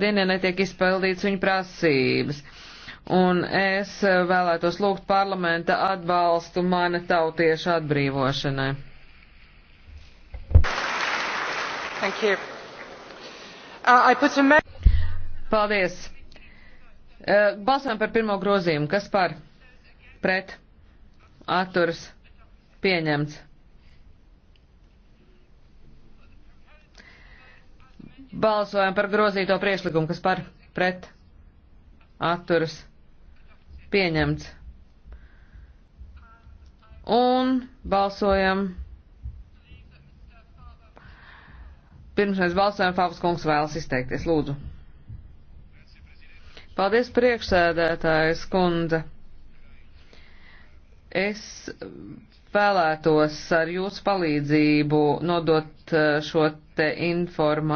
dienā netiek izpildīts viņa prasības. Un es vēlētos lūgt parlamenta atbalstu mana tautieša atbrīvošanai. Uh, some... Paldies. Uh, balsojam par pirmo grozījumu. Kas par? Pret? Atturs? Pieņemts. Balsojam par grozīto priešlikumu, kas par pret atturas pieņemts. Un balsojam. Pirms mēs balsojam, Fabs kungs vēlas izteikties, lūdzu. Paldies, priekšsēdētājs kundze. Es vēlētos ar jūsu palīdzību nodot eh, šo te informāciju.